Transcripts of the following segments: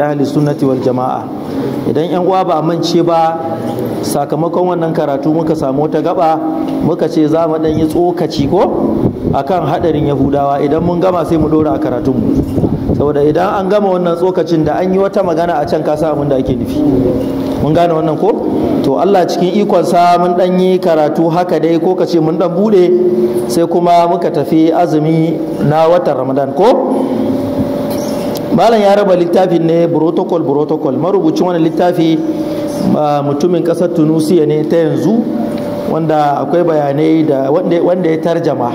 ahli sunnati wal jama'a idan yan uwa ba mance ba sakamakon wannan karatu muka samu wata gaba muka ce za mu dan yi tsokaci ko akan hadarin yahudawa idan mun gama sai mu dora a karatun mu saboda idan an gama wannan tsokacin da an yi wata magana a can kasa abin da ake nufi mun gane wannan ko to Allah cikin ikon sa mun dan yi karatu haka dai ko kace mun dan bude sai kuma muka tafi azumi na watan Ramadan ko malam ya raba littafin ne protocol protocol marubucin wani littafi mutumin kasar tunusiya ne ta yanzu wanda akwai bayanai da wanda ya tarjama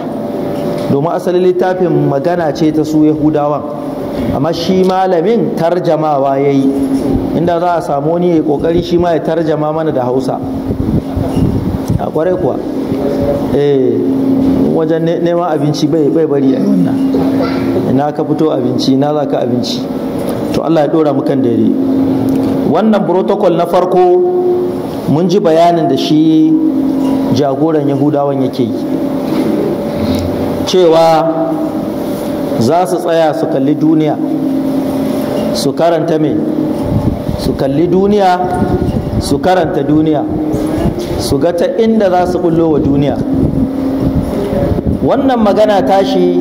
domin asalin littafin magana ce ta su yahudawan amma shi malamin tarjamawa ya yi inda za a samu wani ya kokari shi ma ya tarjama mana da hausa a kwarai kuwa eh, wajen neman abinci bai bari a yi wannan ina ka fito abinci ina za ka abinci to Allah ya dora mu kan dare wannan protocol na farko mun ji bayanin da shi jagoran yahudawan yake yi cewa za su tsaya su kalli duniya su karanta mai su kalli duniya su karanta duniya su ga ta inda za su bullo wa duniya wannan magana tashi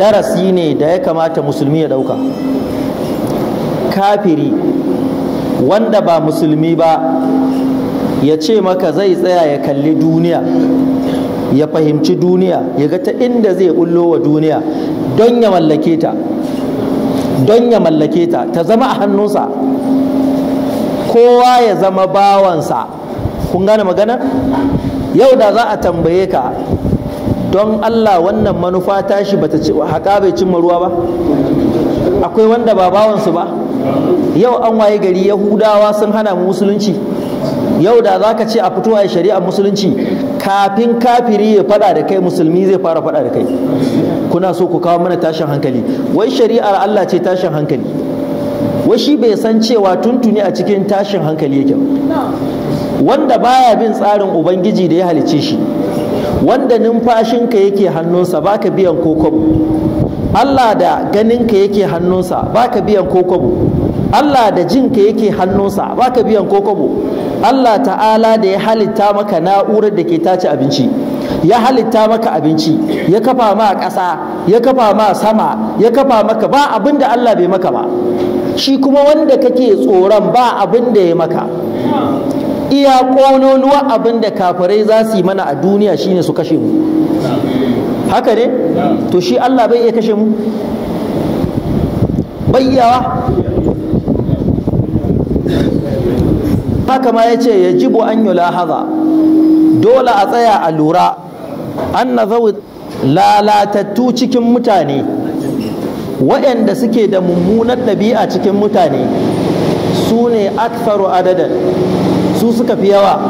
darasi ne da ya kamata musulmi ya ɗauka kafiri wanda ba musulmi ba ya ce maka zai tsaya ya kalli duniya ya fahimci duniya ya ga ta inda zai bullo wa duniya don ya mallake ta don ya mallake ta ta zama a hannunsa kowa ya zama bawansa kun gane magana yau da za a tambaye ka don Allah wannan manufa tashi bata ci haƙa bai cimma ruwa ba akwai wanda ba bawansu ba yau an waye gari yahudawa sun hana mu musulunci yau da za ka ce a fito a shari'ar musulunci kafin kafiri ya fada da kai musulmi zai fara fada da kai kuna so ku kawo mana tashin hankali wai shari'ar Allah ce tashin hankali wai shi bai san cewa tuntuni a cikin tashin hankali yake wanda baya bin tsarin ubangiji da ya halice shi wanda numfashinka yake hannunsa ba ka biyan kokobo Allah da ganinka yake hannunsa ba ka biyan kokobo Allah da jinka yake hannunsa baka biyan kokobo Allah ta'ala da ya halitta maka na'urar da ke tace abinci ya halitta maka abinci ya kafa ma ƙasa ya kafa ma sama ya kafa maka ba abin da Allah bai maka ba shi kuma wanda kake tsoron ba abin da ya maka iya ƙononuwa abin da kafirai za su yi mana a duniya shine su kashe mu haka ne to shi Allah bai iya kashe mu bayyawa haka ma ya ce ya ji an yi lahaza dole a tsaya a lura an na lalatattu cikin mutane waɗanda suke da mummunar ɗabi'a cikin mutane su ne aksaru adadin. su suka fi yawa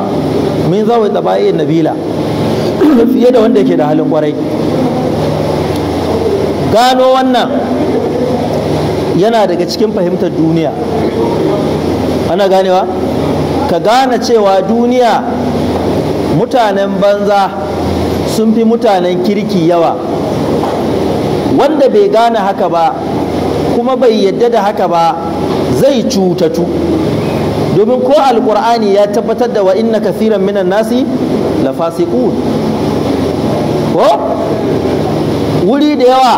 min zawai tsabayin nabila fiye da wanda ke da halin kwarai gano wannan yana daga cikin fahimtar duniya ana ganewa ka gane cewa duniya mutanen banza sun fi mutanen kirki yawa wanda bai gane haka ba kuma bai yadda da haka ba zai cutatu domin ko alkur'ani ya tabbatar da wa inna kasiran minan nasi la ko wuri da yawa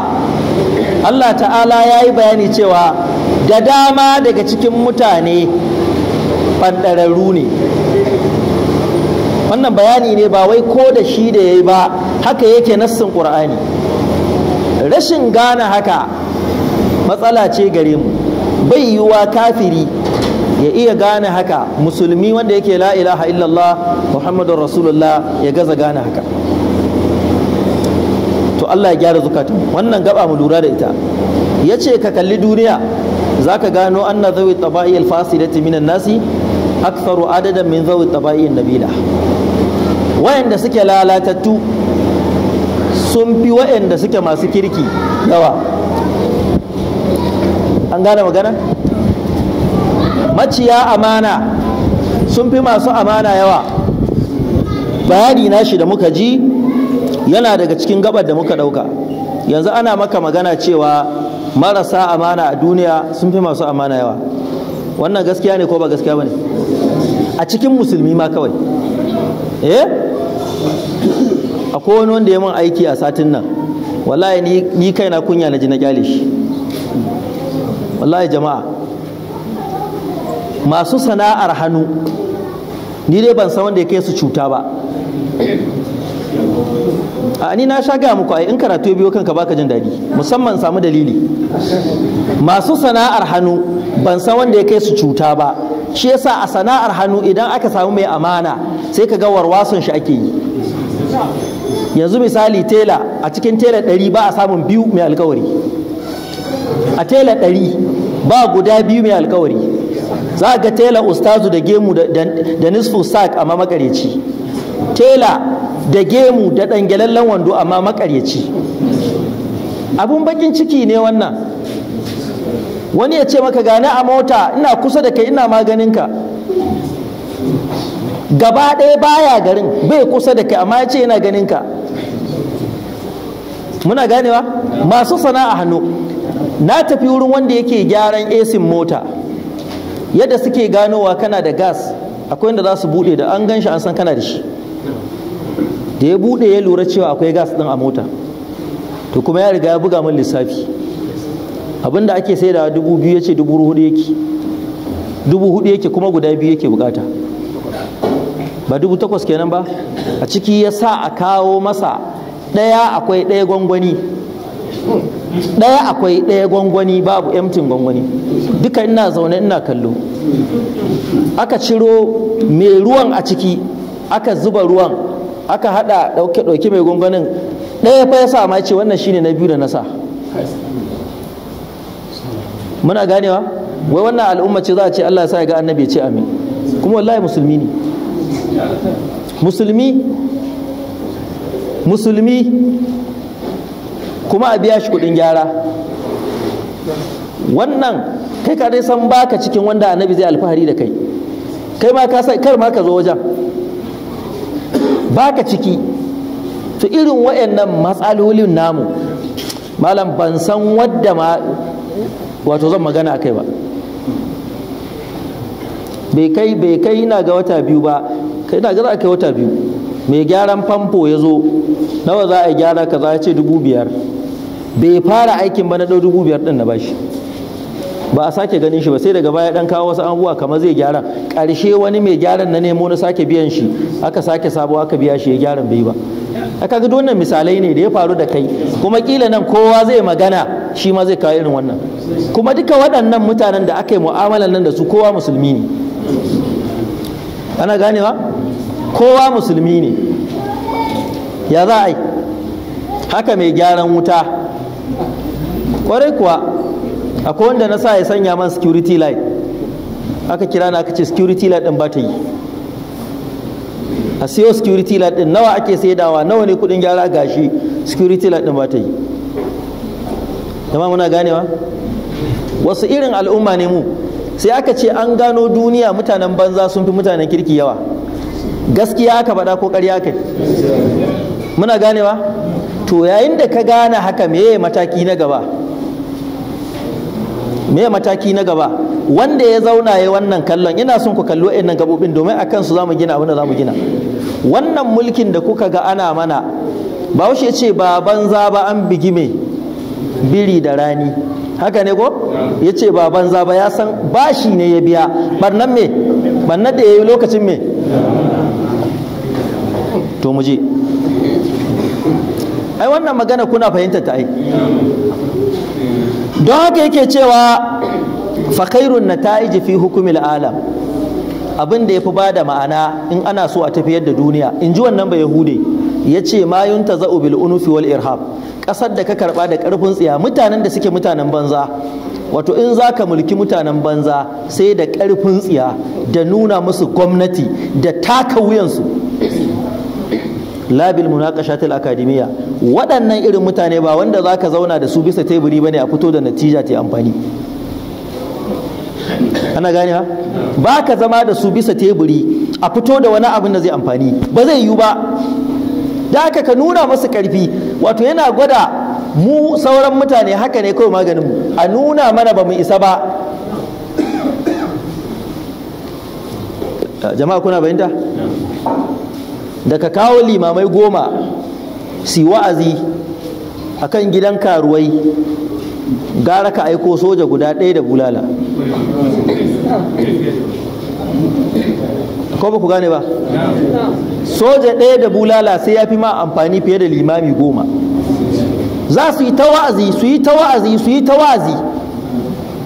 Allah ta'ala ya yi bayani cewa da dama daga cikin mutane ɓanɗararru ne wannan bayani ne ba wai ko da shi da ya yi ba haka yake nassin ƙur'ani rashin gane haka matsala ce gare mu bai yiwuwa kafiri ya iya gane haka musulmi wanda yake la ilaha illallah muhammadun rasulullah ya gaza gane haka to Allah ya gyara zukatun wannan gaba mu lura da ita ya ce ka kalli duniya za ka gano anna zawi taba'i alfasidati minan nasi aktharu adadan min zawi taba'i nabila wayanda suke lalatattu sun fi wayanda suke masu kirki yawa an gane magana maciya amana sun fi masu amana yawa bayani nashi da muka ji yana daga cikin gabar da muka dauka yanzu ana maka magana cewa marasa amana a duniya sun fi masu amana yawa wannan gaskiya ne ko ba gaskiya ba ne a cikin musulmi ma kawai eh akwai wani wanda ya min aiki a satin nan wallahi ni kaina kunya na ji na kyale shi wallahi jama'a masu sana'ar hannu ni dai ban san wanda ya kai su cuta ba a ni na sha gaya muku ai in karatu biyo kanka baka jin dadi musamman samu dalili masu sana'ar hannu ban san wanda ya kai su cuta ba shi yasa a sana'ar hannu idan aka samu mai amana sai ka ga warwason shi ake yi yanzu misali tela a cikin tela ɗari ba a samun biyu mai alkawari a tela ɗari ba guda biyu mai alkawari za a ga tela ustazu da gemu da nisfu sak amma makareci tela da gemu da ɗangalallen wando amma makareci abun bakin ciki ne wannan wani ya ce maka gane a mota ina kusa da kai ina maganinka gaba ɗaya baya garin bai kusa da kai amma ya ce yana ganinka muna ganewa masu sana'a hannu na tafi wurin wanda yake gyaran esin mota yadda suke ganowa kana da gas akwai inda za su bude da an ganshi an san kana da shi da ya bude ya lura cewa akwai gas din a mota to kuma ya riga ya buga min lissafi abinda ake sai da dubu biyu ya ce dubu hudu yake dubu hudu yake kuma guda biyu yake bukata ba dubu takwas kenan ba a ciki ya sa a kawo masa ɗaya akwai ɗaya gwangwani ɗaya akwai ɗaya gwangwani babu emtin gwangwani duka ina zaune ina kallo aka ciro mai ruwan a ciki aka zuba ruwan aka hada ɗauke ɗauke mai gwangwanin ɗaya fa ya sa ma ce wannan shine na biyu da na sa muna ganewa wai wannan al'umma ce za a ce Allah ya sa ya ga annabi ce amin kuma wallahi musulmi ne musulmi musulmi kuma a biya shi kuɗin gyara wannan kai ka dai san baka cikin wanda annabi zai alfahari da kai kai ma ka sai kar ma ka zo wajen baka ciki to irin wayannan matsalolin namu malam ban san wadda ma wato zan magana a kai ba bai kai bai kai ina ga wata biyu ba kai ina ga za a kai wata biyu mai gyaran famfo ya zo nawa za a gyara kaza ya ce dubu biyar bai fara aikin ba na ɗau dubu biyar ɗin na bashi ba a sake ganin shi ba sai daga baya ɗan kawo wasu abubuwa kamar zai gyara ƙarshe wani mai gyaran na nemo na sake biyan shi aka sake sabo aka biya shi ya gyaran bai ba a kaga wannan misalai ne da ya faru da kai kuma kila nan kowa zai magana shi ma zai kawo irin wannan kuma duka waɗannan mutanen da aka yi mu'amalan nan da su kowa musulmi ne ana ganewa kowa musulmi ne ya za a yi haka mai gyaran wuta kwarai kuwa akwai wanda na sa ya sanya man security light aka kira na aka ce security light din ba ta yi a siyo security light din nawa ake saidawa nawa ne kudin gyara gashi security light din ba ta yi jama'a muna ganewa wasu irin al'umma ne mu sai aka ce an gano duniya mutanen banza sun fi mutanen kirki yawa gaskiya aka faɗa ko ƙarya kai muna ganewa to yayin da ka gane haka meye mataki na gaba me mataki na gaba wanda ya zauna ya wannan kallon ina son ku kallo nan gabobin domin a kansu za mu gina abin da za mu gina wannan mulkin da kuka ga ana mana bahaushe ya ce ba banza ba an bigi me biri da rani haka ne ko ya ce ba banza ba ya san bashi ne ya biya barnan me barnan da ya yi lokacin me to mu je ai wannan magana kuna fahimtar ta ai don haka yake cewa fakairun na ta fi hukumil alam abin da ya fi ba da ma'ana in ana so a tafiyar da duniya in ji wannan ba yahude ya ce ma ta za'u bil unufi wal irhab ƙasar da ka karɓa da ƙarfin tsiya mutanen da suke mutanen banza wato in za ka mulki mutanen banza sai da ƙarfin tsiya da nuna musu gwamnati da taka wuyansu labil munakashatil akademiya waɗannan irin mutane ba wanda za ka zauna da su bisa teburi ba ne a fito da natija ta amfani ana gane ba ka zama da su bisa teburi a fito da wani abin da zai amfani ba zai yiwu ba da haka ka nuna masu ƙarfi wato yana gwada mu sauran mutane haka ne kawai maganin mu a nuna mana ba mu isa ba jama'a kuna bayanta da ka kawo limamai goma si wa'azi a kan gidan karuwai gara ka aiko soja guda ɗaya da bulala ko ba ku gane ba soja ɗaya da bulala sai ya fi ma amfani fiye da limami goma za su yi ta wa'azi su yi ta wa'azi su yi ta wa'azi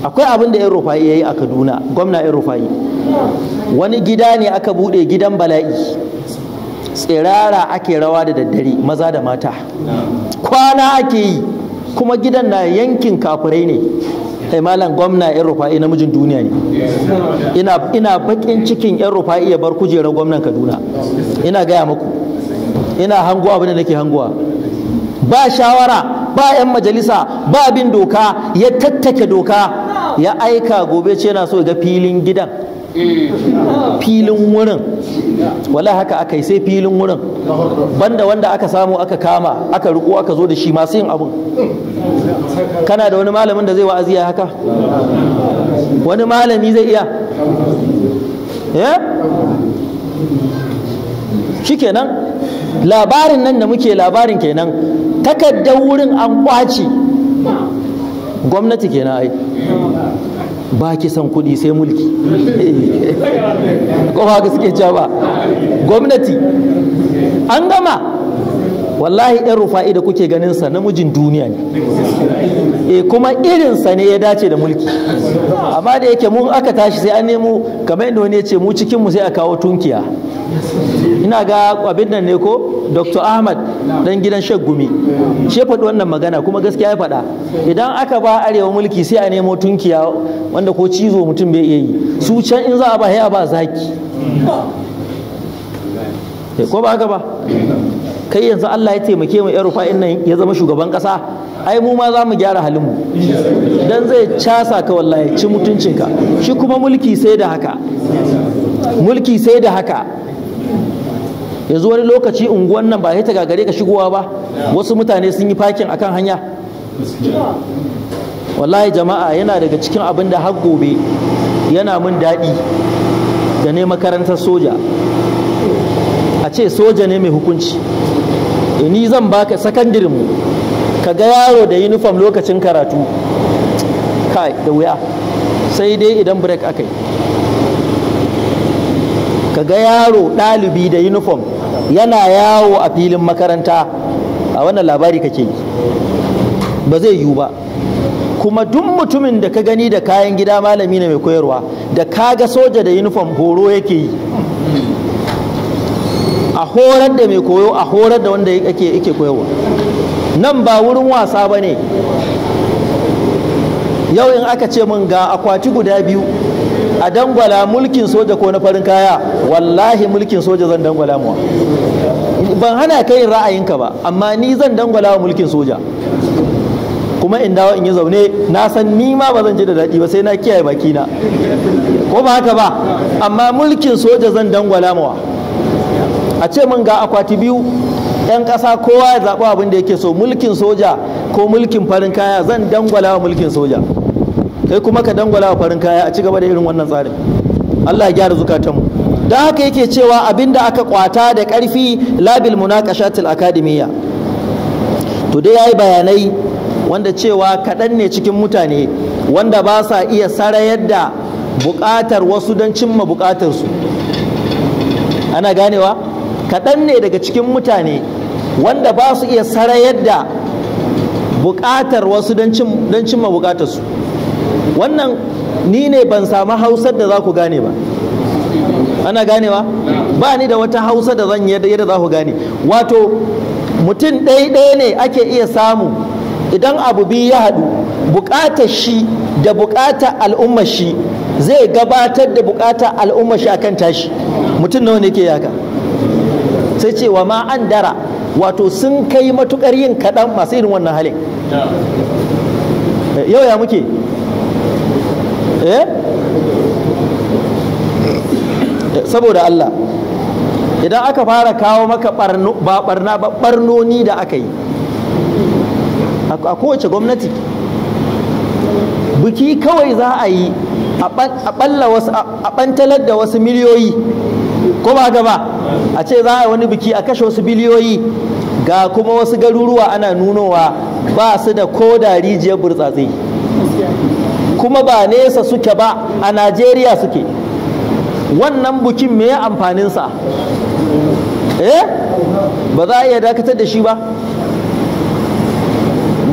akwai abin da 'yan rufa'i ya yi a kaduna gwamna 'yan rufa'i wani gida ne aka buɗe gidan bala'i tsirara ake rawa da daddare maza da mata kwana ake yi kuma gidan na yankin kafirai ne kai malam gwamna yan rufa'i namijin duniya ne ina ina bakin cikin yan rufa'i ya bar kujerar gwamnan kaduna ina gaya muku ina hango abin da nake hangowa ba shawara ba yan majalisa ba bin doka ya tattake doka ya aika gobe ce na so ga filin gidan filin wurin wala haka aka yi sai filin wurin banda wanda aka samu aka kama aka riko aka zo da shi masu yin abun kana da wani malamin da zai wa'azi ya haka wani malami zai iya ya eh? shikenan labarin nan da muke labarin kenan takardar wurin an kwace gwamnati kenan ai ba ki son kuɗi sai mulki ko haka suke cewa gwamnati an gama wallahi ɗan rufa'i da kuke ganin sa namijin duniya ne e kuma irin sa ne ya dace da mulki amma da yake mun aka tashi sai an nemo kamar yadda wani ya ce mu cikinmu sai a kawo tunkiya ina ga abin nan ne ko dr ahmad dan gidan gumi shi faɗi wannan magana kuma gaskiya ya faɗa idan aka ba arewa mulki sai a nemo tunkiya wanda ko cizo mutum bai iya yi su can in za a ba ya ba zaki eh, ko ba haka ba kai yanzu Allah ya taimake mu yarufa nan ya zama shugaban kasa ai mu ma za mu gyara halin mu dan zai casa ka wallahi ci mutuncinka shi kuma mulki sai da haka mulki sai da haka yanzu wani lokaci unguwan nan ba ta gagare ka shigowa ba wasu mutane sun yi fakin akan hanya wallahi jama'a yana daga cikin abin da har gobe yana mun daɗi da ne makarantar soja a ce soja ne mai hukunci e, ni zan baka sakandirin mu ka ga yaro da uniform lokacin karatu kai da wuya sai dai idan break akai. ka ga yaro ɗalibi da uniform yana yawo a filin makaranta a wannan labari kake yi ba zai yiwu ba kuma duk mutumin da ka gani da kayan gida malami ne mai koyarwa da kaga soja da uniform horo yake yi a horar da mai koyo a horar da wanda yake koyarwa nan ba wurin wasa ba ne yau in aka ce mun ga akwati guda biyu a dangwala mulkin soja ko na farin kaya wallahi mulkin soja zan dangwala mu ban hana kai ra'ayinka ba amma ni zan dangwala wa mulkin soja kuma in dawo in yi zaune na san ni ma ba zan ji da daɗi ba sai na kiyaye bakina ko ba haka ba amma mulkin soja zan dangwala mawa a ce mun ga akwati biyu 'yan ƙasa kowa ya zaɓi abin da yake so mulkin soja ko mulkin farin kaya zan dangwala wa mulkin soja kai kuma ka dangwala a farin kaya a ci gaba da irin wannan tsarin Allah ya gyara zukatanmu don haka yake cewa abinda aka kwata da karfi labil munakashatil akademiya to dai yayi bayanai wanda cewa kaɗan ne cikin mutane wanda ba sa iya sarayar da buƙatar wasu don cimma buƙatarsu ana ganewa kaɗan ne daga cikin mutane wanda ba su iya sarayar da buƙatar wasu don cimma buƙatarsu wannan ni ne ban samu hausa da za ku gane ba ana ganewa ba ni da wata hausa da zan yadda za ku gane wato mutum ɗaya ne ake iya samu idan abu biyu ya haɗu buƙatar shi da buƙatar al'ummar shi zai gabatar da buƙatar al'ummar shi akan tashi mutum nawa ne ke yaka sai ce wa ma an dara wato sun kai matuƙar yin kaɗan masu irin wannan halin yau ya muke eh saboda Allah idan aka fara kawo maka ba barnoni da aka yi a kowace gwamnati biki kawai za a yi a da wasu miliyoyi ko ba gaba a ce za a yi wani biki a kashe wasu biliyoyi ga kuma wasu garuruwa ana nunowa ba su da ko da rijiyar burtsatse kuma ba nesa suke ba a najeriya suke wannan bukin me ya amfaninsa eh ba za a iya dakatar da shi ba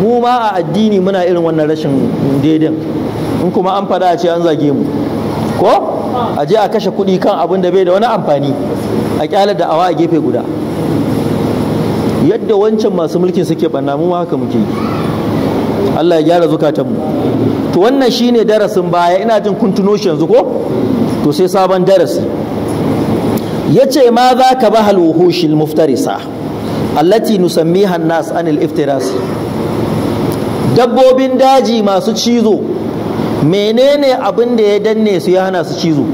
mu ma a addini muna irin wannan rashin daidin in kuma an fada a ce an zage mu ko a je a kashe kuɗi kan abin da bai da wani amfani a kyalar da awa a gefe guda yadda wancan masu mulkin suke banna mu haka muke yi Allah ya gyara zukatanmu to wannan shine darasin baya ina jin kun tuno shi yanzu ko to sai sabon darasi yace ma za ka ba wuhushil muftarisa allati nusammiha nas anil iftiras dabbobin daji masu cizo menene abin da ya danne su ya hana su cizo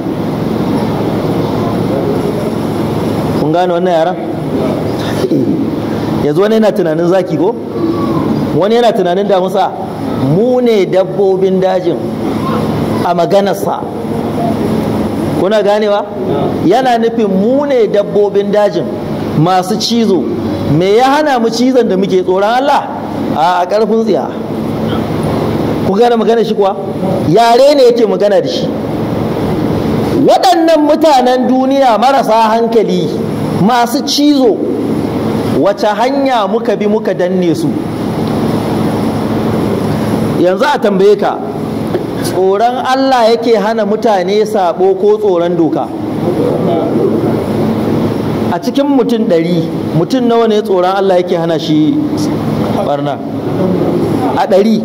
kun gane wannan yara? yanzu wani yana tunanin zaki ko wani yana tunanin damusa mu ne dabbobin dajin a maganarsa kuna ganewa yana nufin mu ne dabbobin dajin masu cizo me ya hana mu cizon da muke tsoron Allah a ƙarfin tsiya ku gane magana shi kuwa yare ne yake magana da shi waɗannan mutanen duniya marasa hankali masu cizo wace hanya muka bi muka danne su yanzu a tambaye ka tsoron Allah yake hana mutane sabo ko tsoron doka a cikin mutum ɗari mutum nawa ne tsoron Allah yake hana shi barna a ɗari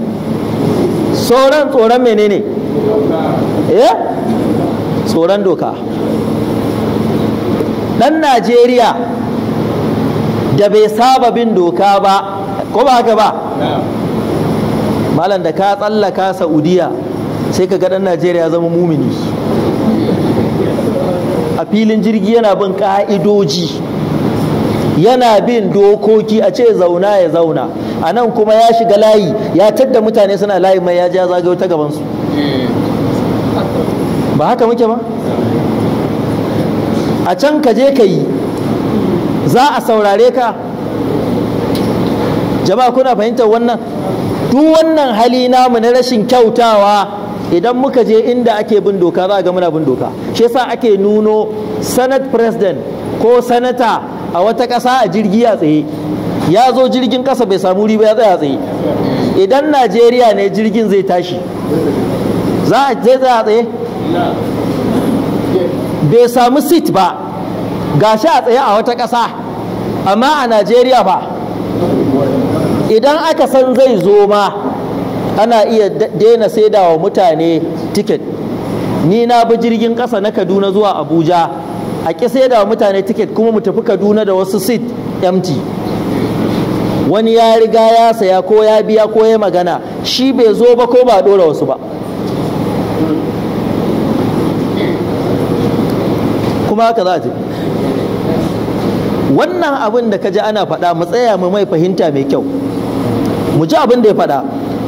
tsoron tsoron menene eh tsoron doka ɗan Najeriya da bai saba bin doka ba ko ba haka ba malam da ka tsallaka saudiya sai ka ga ɗan najeriya zama mumini a filin jirgi yana bin ƙa'idoji. yana bin dokoki a ce zauna ya zauna a nan kuma ya shiga layi ya tadda mutane suna layi mai ya ja zagayo ta gabansu ba haka muke ba a can ka je ka yi za a saurare ka jama'a kuna fahimtar wannan duk wannan hali namu na rashin kyautawa idan muka je inda ake bin doka za ga muna bin doka shi yasa ake nuno senate president ko sanata a wata ƙasa a jirgi a tsaye ya zo jirgin ƙasa bai samu riba ya tsaya tsaye idan najeriya ne jirgin zai tashi za a je tsaya tsaye bai samu seat ba gashi a tsaye a wata ƙasa amma a najeriya ba idan aka san zai zo ma ana iya daina saida wa mutane tiket ni na bi jirgin ƙasa na kaduna zuwa abuja a ƙi saida wa mutane tiket kuma mu tafi kaduna da wasu seat empty wani ya riga ya saya ko ya biya ko ya magana shi bai zo ba ko ba ɗora wasu ba kuma haka za a wannan abin da ka ji ana faɗa mu tsaya mu mai fahimta mai kyau mu ji abin da ya faɗa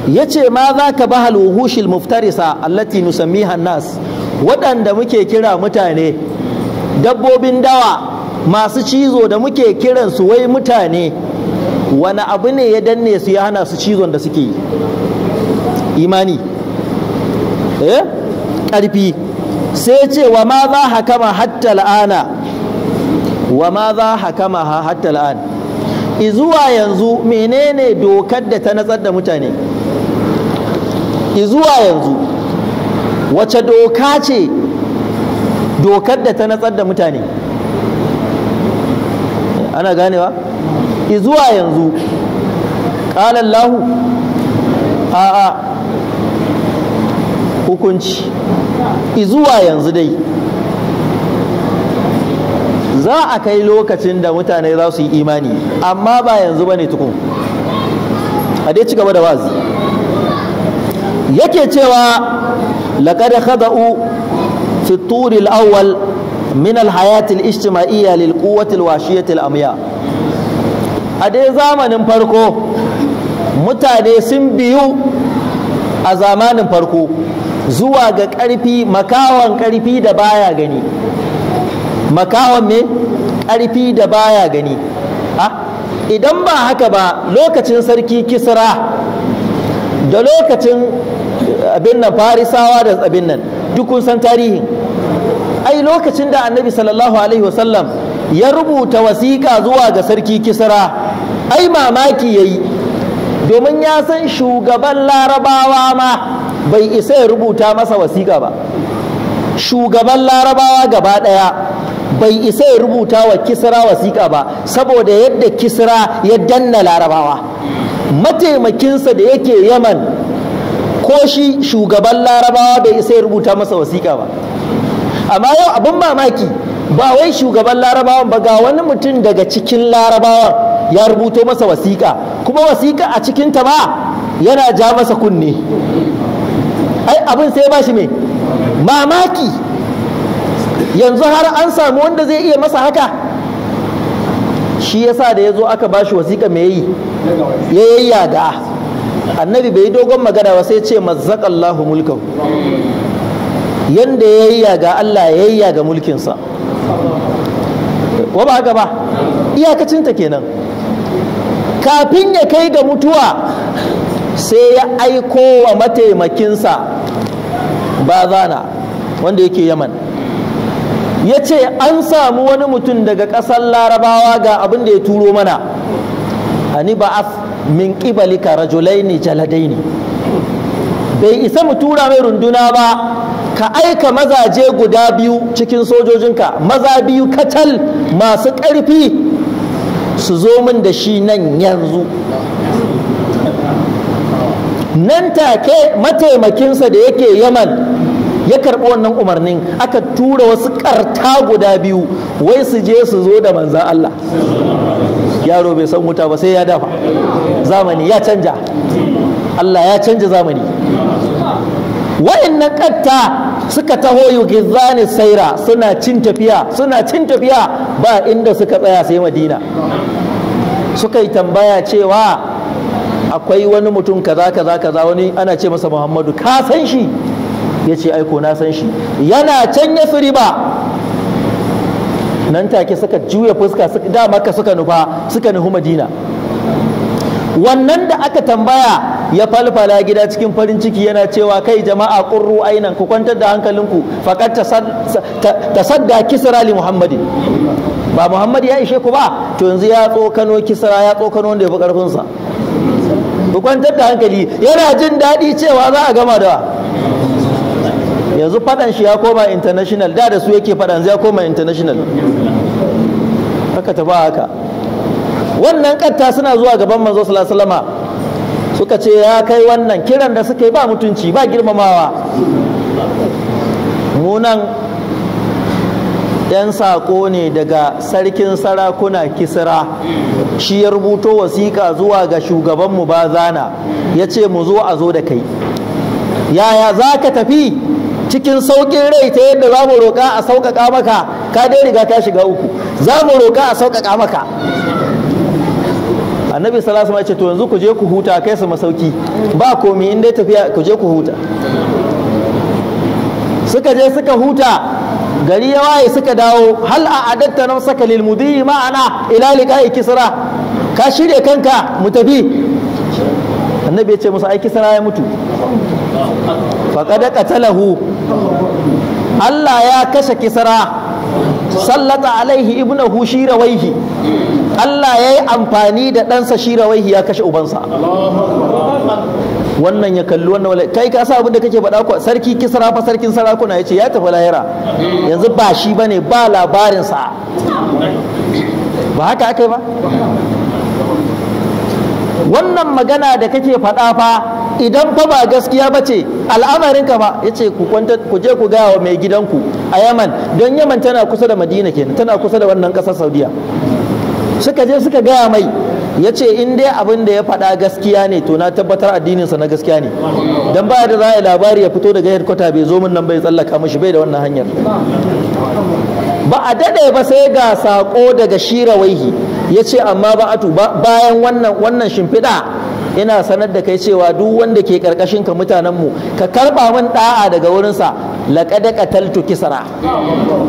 ya ce ma za ka ba halwuhushil muftarisa allati nusammiha nas waɗanda muke kira mutane dabbobin dawa masu cizo da muke kiran su wai mutane wani abu ne ya danne su ya hana su cizon da suke yi imani eh ƙarfi sai ce wa ma za hakama hatta wa ma za hakama hatta la'ana izuwa yanzu menene dokar da ta nazar da mutane izuwa yanzu wace doka ce dokar da ta nazar da mutane ana ganewa izuwa yanzu ƙalallahu a'a hukunci izuwa yanzu dai za a kai lokacin da mutane za su yi imani amma ba yanzu ba ne tukun a dai cigaba gaba da wazi yake cewa laƙad khada'u fi turi al'awwal min alhayati ishtima'iyya lil quwwati washiyatil washiyati a dai zamanin farko mutane sun biyu a zamanin farko zuwa ga ƙarfi makawan ƙarfi da baya gani makawan me ƙarfi da baya gani idan ba haka ba lokacin sarki kisra da lokacin eh, abin nan farisawa da abin nan duk san tarihin ai lokacin da annabi sallallahu alaihi wasallam ya rubuta wasiƙa zuwa ga sarki kisra ai mamaki ya yi domin ya san shugaban larabawa ma bai isa ya rubuta masa wasiƙa ba shugaban larabawa gaba ɗaya bai isa ya rubuta wa kisra wasiƙa ba saboda yadda kisra ya danna larabawa mataimakinsa da yake yaman ko shi shugaban larabawa bai isa ya rubuta masa wasiƙa ba amma yau abin mamaki ba wai shugaban larabawan ba ga wani mutum daga cikin larabawan ya rubuto masa wasiƙa kuma wasiƙa a cikinta ba yana ja masa kunne ai abin sai ba shi mai mamaki yanzu har an samu wanda zai iya masa haka shi yasa da ya zo aka bashi wasiƙa me yi ya yayyaga annabi bai yi dogon magana ba sai ce mazzaƙallahu mulkan yanda ya yayyaga Allah ya yayyaga mulkinsa wa ba haka ba iyakacinta kenan kafin ya kai ga mutuwa sai ya aiko wa mataimakinsa bazana wanda yake yaman ya ce an samu wani mutum daga ƙasar larabawa ga abin da ya turo mana ani ba'af min ƙibalika jaladai ne. bai isa mu tura mai runduna ba ka aika mazaje guda biyu cikin sojojinka maza biyu kacal masu ƙarfi su zo min da shi nan yanzu nan take mataimakinsa da yake yaman ya karɓi wannan umarnin aka tura wasu ƙarta guda biyu wai su je su zo da manzan Allah yaro bai san wuta ba sai ya dafa zamani ya canja Allah ya canja zamani wa'annan ƙatta suka taho yugizani saira suna cin tafiya suna cin tafiya ba inda suka tsaya sai madina suka yi tambaya cewa akwai wani mutum kaza kaza kaza wani ana ce masa muhammadu ka san shi ya ce aiko na san shi yana can ya riba nan take suka juya fuska da maka suka nufa suka nufi madina wannan da aka tambaya ya falfala gida cikin farin ciki yana cewa kai jama'a qurru ainan ku kwantar da hankalinku faqad tasadda kisra li muhammadin ba muhammad ya ishe ku ba to yanzu ya tsokano kisra ya tsokano wanda ya fi karfin sa ku kwantar da hankali yana jin daɗi cewa za a gama da yanzu fadan shi ya koma international da da su yake fadan ya koma international haka ta ba haka wannan katta suna zuwa gaban manzo sallallahu alaihi suka ce ya kai wannan kiran da suka yi ba mutunci ba girmamawa munan yan sako ne daga sarkin sarakuna kisira shi ya rubuto wasiƙa zuwa ga shugabanmu zana ya ce mu zo a zo da kai yaya za ka tafi cikin sauƙin rai ta yadda za mu roƙa a sauƙaƙa maka ka dai riga ka shiga uku za mu roƙa a sauƙaƙa maka annabi sallallahu alaihi ce to yanzu ku je ku huta kai su masauki ba komi in dai tafiya ku je ku huta suka je suka huta gari ya waye suka dawo hal a adatta nan saka lil mudiri ma'ana ila liqa'i kisra ka shirya kanka mu tafi annabi ya ce musu ai kisra ya mutu faƙada qatalahu Allah ya kashe kisra sallata alaihi ibnahu shirawaihi Allah ya yi amfani da ɗansa shirawaihi ya kashe ubansa wannan ya kalli wannan wala kai ka sa abin da kake faɗa ko sarki kisra fa sarkin sarakuna yace ya tafi lahira yanzu ba shi bane ba labarin sa ba haka akai ba wannan magana da kake faɗa fa idan fa ba gaskiya ba ce al'amarinka ba ya ce ku je ku gaya wa mai gidanku a yaman don yaman tana kusa da madina kenan tana kusa da wannan ƙasar saudiya suka je suka gaya mai ya ce in dai abin da ya faɗa gaskiya ne to na tabbatar addininsa na gaskiya ne don ba da za a labari ya fito daga headquarter bai zo min nan bai tsallaka mashi bai da wannan hanyar ba a daɗe ba sai ga sako daga shira waihi ya ce amma ba atu bayan wannan shimfiɗa ina sanar da kai cewa duk wanda ke karkashin ka mutanen ka karba min da'a daga wurinsa laqad taltu kisra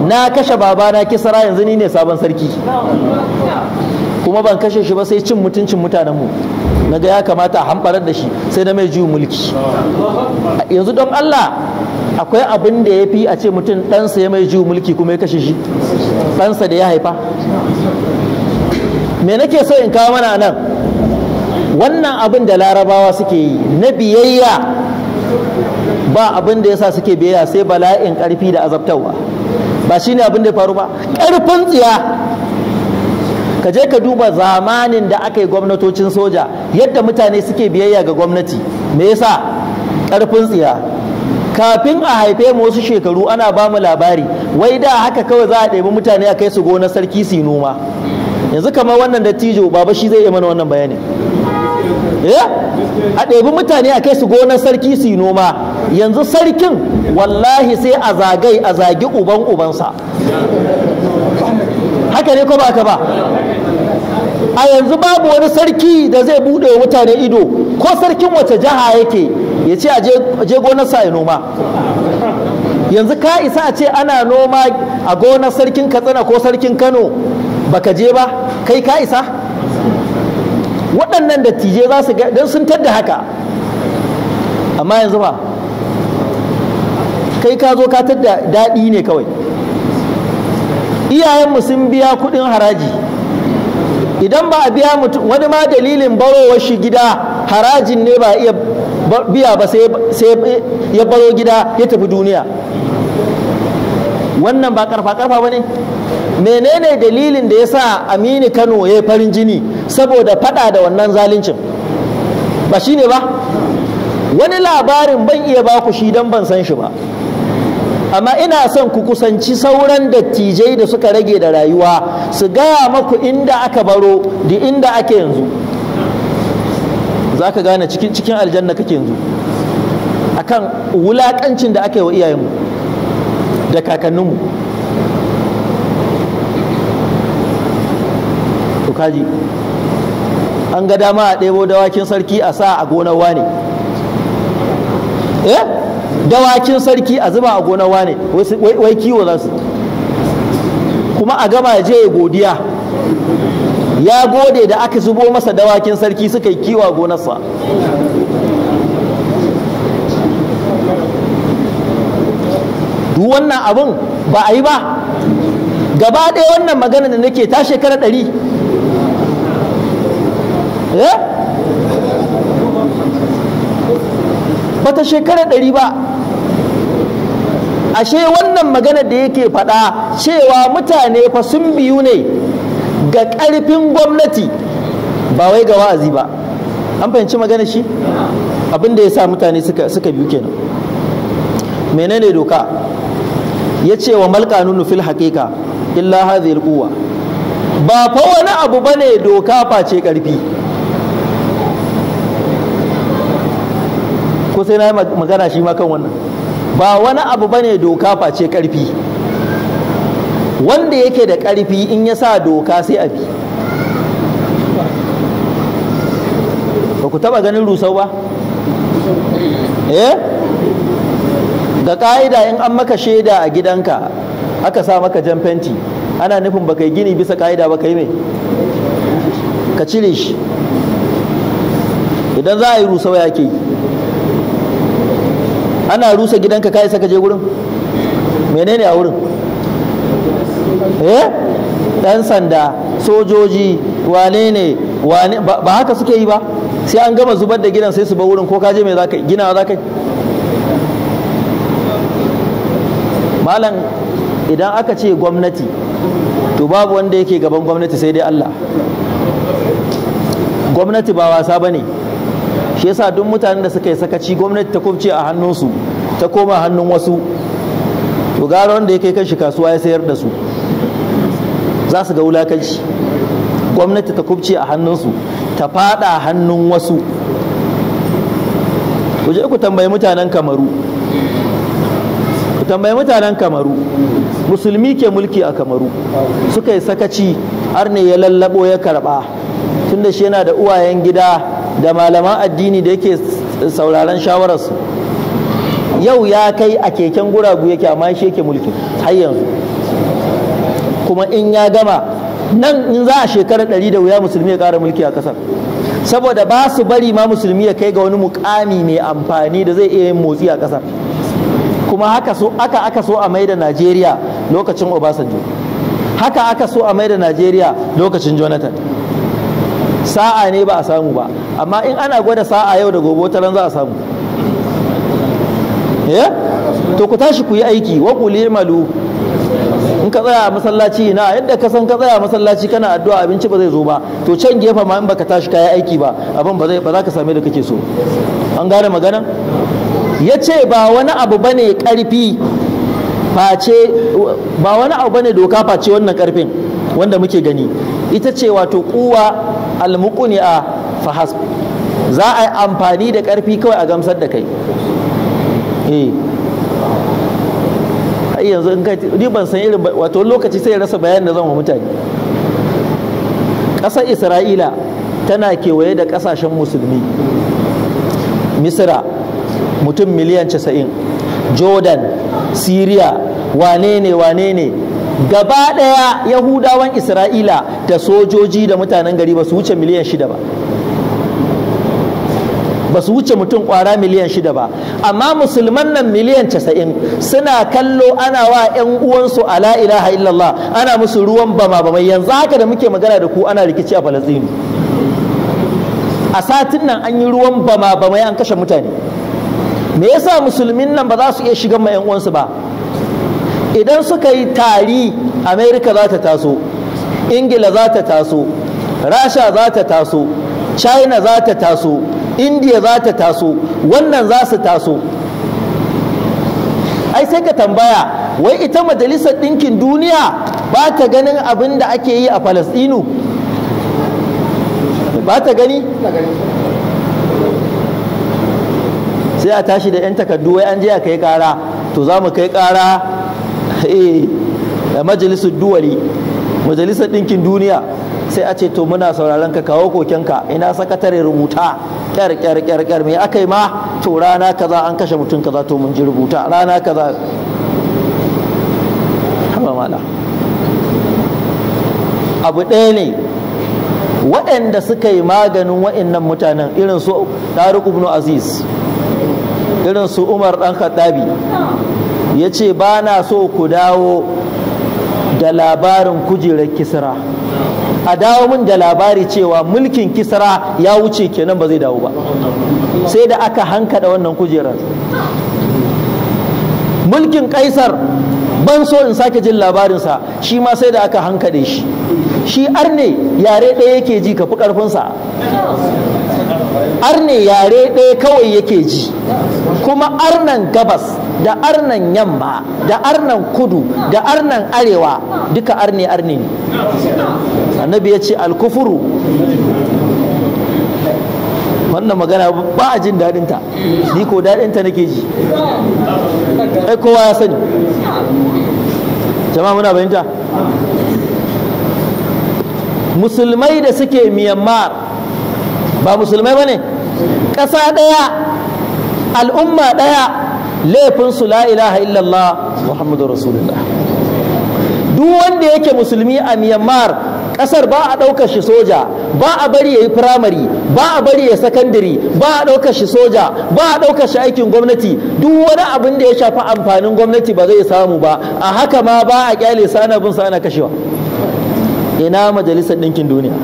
na kashe babana kisara yanzu ni ne sabon sarki kuma ban kashe shi ba sai cin mutuncin mutanen mu naga ya kamata a da shi sai na mai juyin mulki yanzu don Allah akwai abin da ya fi a ce mutum ɗansa ya mai juyin mulki kuma ya kashe shi ɗansa da ya haifa me nake so in kawo mana nan wannan abin da larabawa suke yi na biyayya ba abin da yasa suke biyayya sai bala'in ƙarfi da azabtarwa ba shine abin da ya faru ba ƙarfin tsiya ka je ka duba zamanin da aka yi gwamnatocin soja yadda mutane suke biyayya ga gwamnati me yasa ƙarfin tsiya kafin a haife mu wasu shekaru ana ba mu labari wai da haka kawai za a ɗebi mutane a kai su gonar sarki su yi noma yanzu kamar wannan dattijo baba shi zai yi mana wannan bayanin Eh? a ɗebi mutane a kai su gonar sarki su yi noma yanzu sarkin wallahi sai a zagai a zagi uban ubansa haka ne ko ba ka ba a yanzu babu wani sarki da zai buɗe wa mutane ido ko sarkin wace jiha yake ya ce a je gonarsa ya noma yanzu ka isa a ce ana noma a gonar sarkin katsina ko sarkin kano baka je ba kai ka isa waɗannan dattijai za su ga don sun tadda haka amma yanzu ba kai ka zo ka tadda daɗi ne kawai iyayenmu sun biya kuɗin haraji idan ba a biya mutum wani ma dalilin barowar shi gida harajin ne ba iya biya ba sai ya baro gida ya tafi duniya wannan ba karfa karfa bane menene dalilin da ya sa Aminu Kano ya farin jini saboda fada da wannan zaluncin ba shine ba wani labarin ban iya ba ku shi dan ban san shi ba amma ina son ku kusanci sauran dattijai da suka rage da rayuwa su gaya maku inda aka baro da inda ake yanzu za ka gane cikin aljanna kake yanzu akan wulakancin da aka yi wa iyayenmu da kakanninmu to kaji an ga dama a ɗebo dawakin sarki a sa a gonar wane eh dawakin sarki a zuba a gonar wane wai kiwo za su kuma a gama je godiya ya gode da aka zubo masa dawakin sarki suka yi a gonarsa duk wannan abin ba a yi ba gaba ɗaya wannan magana da nake ta shekara ɗari eh? bata shekara ɗari ba ashe wannan magana da yake faɗa cewa mutane fa sun biyu ne ga ƙarfin gwamnati ba wai ga wa'azi ba an fahimci magana shi abin da ya sa mutane suka biyu kenan menene doka ya ce wa nunu fil haƙiƙa illa hadhihi quwwa ba fa wani abu ba ne doka face ƙarfi ko sai na yi magana shi ma kan wannan ba wani abu ba ne doka face ƙarfi wanda yake da ƙarfi in ya sa doka sai a bi ba ku taɓa ganin rusau ba eh Da ƙa'ida in an maka shaida a gidanka aka sa maka jan fenti ana nufin baka yi gini bisa ƙa'ida ba ka yi mai ka cire shi idan za a yi rusa waya ke ana rusa gidanka ka isa ka je gurin menene a wurin eh ɗan sanda sojoji wane ne ba haka suke yi ba sai an gama zubar da gidan sai su ba wurin ko ka je mai za ka gina za ka yi malam idan aka ce gwamnati to babu wanda yake gaban gwamnati sai dai Allah gwamnati ba wasa bane shi yasa duk mutanen da suka yi sakaci gwamnati ta kubce a hannunsu ta koma hannun wasu to gara wanda ya kai kashi kasuwa ya sayar da su za su ga wulakanci gwamnati ta kubce a hannunsu ta fada hannun wasu ku je ku tambayi mutanen kamaru tambayi mutanen kamaru musulmi ke mulki a kamaru suka yi sakaci har ne ya lallabo ya karba da shi yana da uwayen gida da malaman addini da yake sauraron shawararsu yau ya kai a keken guragu yake amma shi yake mulki har yanzu kuma in ya gama nan in za a shekarar ɗari da wuya musulmi ya ƙara mulki a ƙasar saboda ba su bari ma musulmi ya kai ga wani mukami mai amfani da zai iya yin motsi a ƙasar kuma haka so aka aka so a maida Najeriya lokacin Obasanjo haka aka so a maida Najeriya lokacin Jonathan sa'a ne ba a samu ba amma in ana gwada sa'a yau da gobe wata za a samu eh? to ku tashi ku yi aiki wa malu in ka tsaya a masallaci na yadda ka san ka tsaya a masallaci kana addu'a abinci ba zai zo ba to can gefe ma in baka tashi kayi aiki ba abin ba za ka same da kake so an gane magana ya ce ba wani abu bane karfi face ba wani abu bane doka face wannan karfin wanda muke gani ita ce wato kuwa almukuni a Fahas, za a yi amfani da karfi kawai a gamsar da kai eh yanzu in ni ban san irin wato lokaci sai rasa bayanin da zan wa mutane ƙasar isra'ila tana kewaye da kasashen musulmi misra mutum miliyan 90 jordan syria wane ne wane ne gaba ɗaya yahudawan isra'ila da sojoji da mutanen gari ba su wuce miliyan shida ba ba su wuce mutum kwara miliyan shida ba amma musulman nan miliyan casa'in suna kallo ana wa 'yan uwansu ala ilaha illallah ana musu ruwan bama bama yanzu haka da muke magana da ku ana rikici a falastini a satin nan an yi ruwan bama bama an kashe mutane me yasa musulmin nan ba za su iya shigan ma 'yan uwansu ba idan suka yi tari amerika za ta taso ingila za ta taso rasha za ta taso china za ta taso india za ta taso wannan za su taso ai sai ka tambaya wai ita majalisar ɗinkin duniya ba ta ganin abin da ake yi a falasɗinu ba ta gani sai a tashi da 'yan takardu wai an je a kai kara to za mu kai kara eh, a majalisar duwali majalisar ɗinkin duniya sai a ce to muna sauraron ka kawo kokenka ina sakatare rubuta kyar kyar kyar kyar me aka yi ma to rana kaza an kashe mutum kaza to mun ji rubuta rana kaza haba mala abu ɗaya ne waɗanda suka yi maganin waɗannan mutanen irin su Tariq ibn Aziz irin su umar Dan khattabi ya ce ba na so ku dawo da labarin kujerar kisra a dawo min da labari cewa mulkin kisra ya wuce kenan ba zai dawo ba sai da aka hankada wannan kujerar mulkin kaisar ban so in sake jin labarinsa shi ma sai da aka hankade shi shi arne yare ɗaya yake ji ka fi ƙarfinsa arne yare ɗaya kawai yake ji kuma arnan gabas da arnan yamma da arnan kudu da arnan arewa duka arne arne ne annabi ya ce alkufuru wannan magana ba a jin daɗinta ni ko daɗinta nake ji ai kowa ya sani jama'a muna bayanta musulmai da suke myanmar ba musulmai ba ne ƙasa ɗaya al'umma ɗaya laifinsu la ilaha illallah muhammadu rasulullah duk wanda yake musulmi a myanmar ƙasar ba a ɗaukar shi soja ba a bari ya yi firamare ba a bari ya sakandare ba a ɗaukar shi soja ba a ɗaukar shi aikin gwamnati duk wani abin da ya shafi amfanin gwamnati ba zai samu ba a haka ma ba a kyale sana bin sana kashewa ina majalisar ɗinkin duniya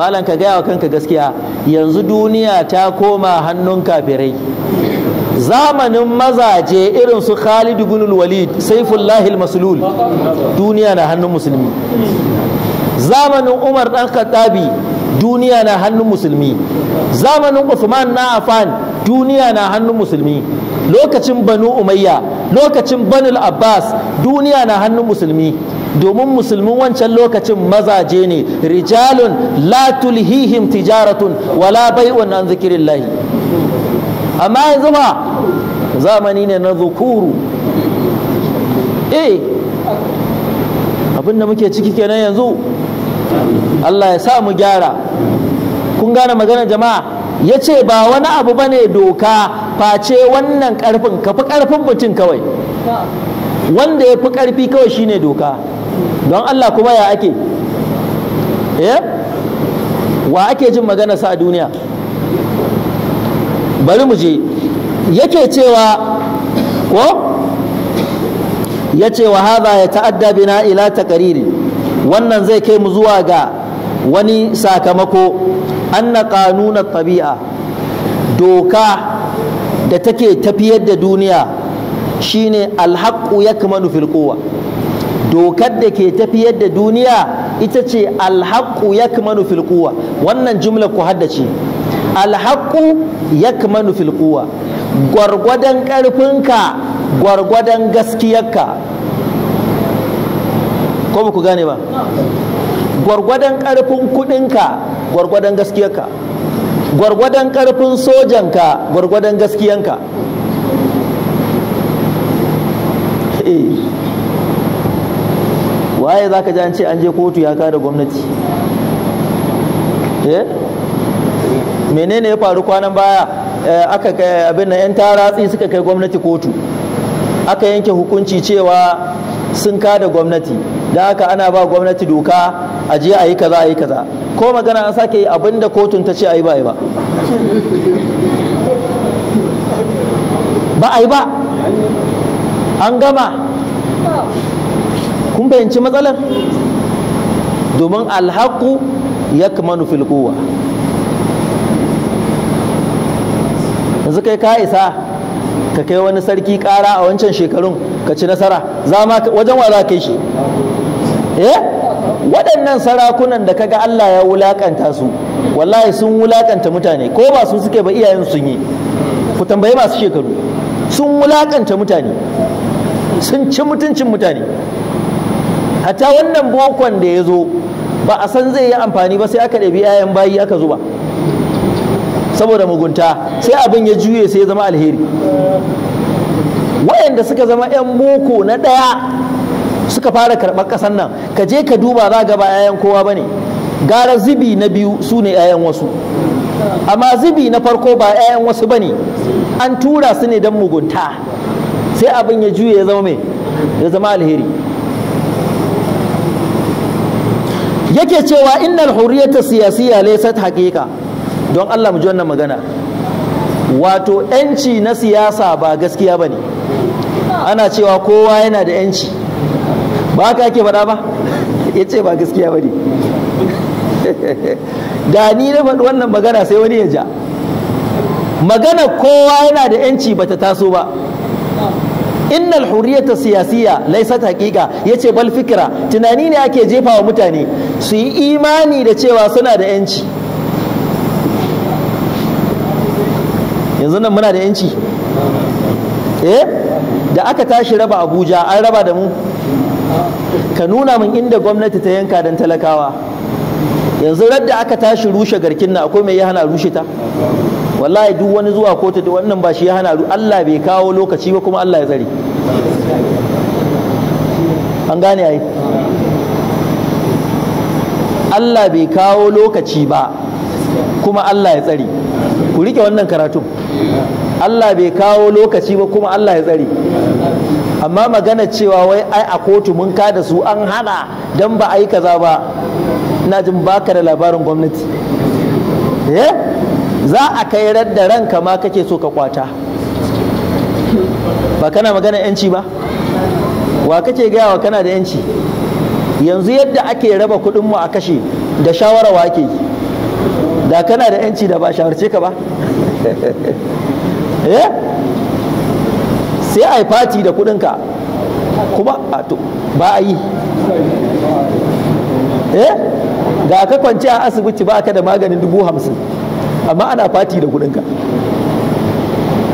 malam ka gaya wa kanka gaskiya yanzu duniya ta koma hannun kafirai zamanin mazaje irin su Khalid ibn walid saifullahi al-Maslul duniya na hannun musulmi zamanin Umar dan Khattabi duniya na hannun musulmi zamanin Usman na Afan, duniya na hannun musulmi lokacin Banu Umayya lokacin Banul Abbas duniya na hannun musulmi domin musulmin wancan lokacin mazaje ne rijalun la tulhihim tijaratun wala bai'un an zikirillahi amma yanzu ba zamani ne na zukuru eh abinda muke ciki kenan yanzu Allah ya sa mu gyara kun gane maganar jama'a ya ce ba wani abu ba ne doka face wannan karfin ka karfin mutum kawai wanda ya fi karfi kawai shine doka don Allah kuma ya ake eh? wa ake jin magana sa a duniya bari mu je yake cewa ko ya ce wa haza ya ta'adda bina ila takariri wannan zai kai mu zuwa ga wani sakamako anna qanunat tabi'a doka da take tafiyar da duniya shine alhaƙu ya fil nufin dokar da ke tafiyar da duniya ita ce alhaƙu ya kamanu filƙuwa. wannan jumla ku haddace alhaƙu ya kamanu filƙuwa. gwargwadon ƙarfinka gwargwadon gaskiyarka ko ba ku gane ba gwargwadon ƙarfin kuɗinka gwargwadon gaskiyarka gwargwadon ƙarfin sojanka gwargwadon gaskiyanka eh. waye za ka ji an je kotu ya kare gwamnati eh? menene ya faru kwanan baya eh, aka kai abin na 'yan taratsi suka kai gwamnati kotu aka yanke hukunci cewa sun kada gwamnati da aka ana ba gwamnati doka a je a yi kaza a yi kaza ko magana an sake yi abinda kotun ta ce a yi ba ba ba a yi ba an gama kun fahimci matsalar domin alhaku ya kamanu fil kowa yanzu kai ka isa ka kai wani sarki kara a wancan shekarun ka ci nasara wajen wa za ka kai shi eh? waɗannan sarakunan da kaga Allah ya wulakanta su wallahi sun wulakanta mutane ko ba su suke ba iyayen sun yi ku tambayi masu shekaru sun wulakanta mutane sun ci mutuncin mutane hatta wannan bokon da ya zo ba a san zai yi amfani ba sai aka ɗabi 'ya'yan bayi aka zuba saboda mugunta sai abin ya juye sai ya zama alheri wayanda suka zama 'yan boko na ɗaya suka fara karɓar ƙasar nan ka je ka duba za gaba 'ya'yan kowa ba ne gara zibi na biyu su ne 'ya'yan wasu amma zibi na farko ba 'ya'yan wasu ba ne an tura su ne don mugunta sai abin ya juye ya zama mai ya zama alheri yake cewa innal hurriyata siyasiya laysat haqiqa don Allah mu ji wannan magana wato yanci na siyasa ba gaskiya bane ana cewa kowa yana da yanci ba ka yake faɗa ba yace ba gaskiya bane da ni na faɗi wannan magana sai wani ya ja magana kowa yana da yanci bata taso ba innal hurriyata siyasiya laysat haqiqa yace bal fikra tunani ne ake jefa wa mutane su yi imani da cewa suna da yanci yanzu nan muna da yanci eh da aka tashi raba abuja an raba da mu ka nuna min inda gwamnati ta yanka don talakawa yanzu radda aka tashi rushe garkin na akwai mai ya hana rushe ta wallahi duk wani zuwa kotu da wannan ba shi ya hana Allah bai kawo lokaci ba kuma Allah ya tsare an gane ai Allah bai kawo lokaci ba kuma Allah ya tsare ku rike wannan karatun Allah bai kawo lokaci ba kuma Allah ya tsare amma magana cewa wai ai a kotu mun kada su an hana dan ba ai kaza ba ina jin baka da labarin gwamnati eh za a kai da ranka ma kake so ka kwata ba kana magana yanci ba wa kake gaya wa kana da yanci yanzu yadda ake raba kuɗin mu a kashe da shawara wa ake da kana da yanci da ba shawarce ka ba eh sai a yi fati da kuɗinka kuma a to ba a yi eh ga aka kwance a asibiti ba ka da maganin dubu hamsin amma ana fati da kuɗinka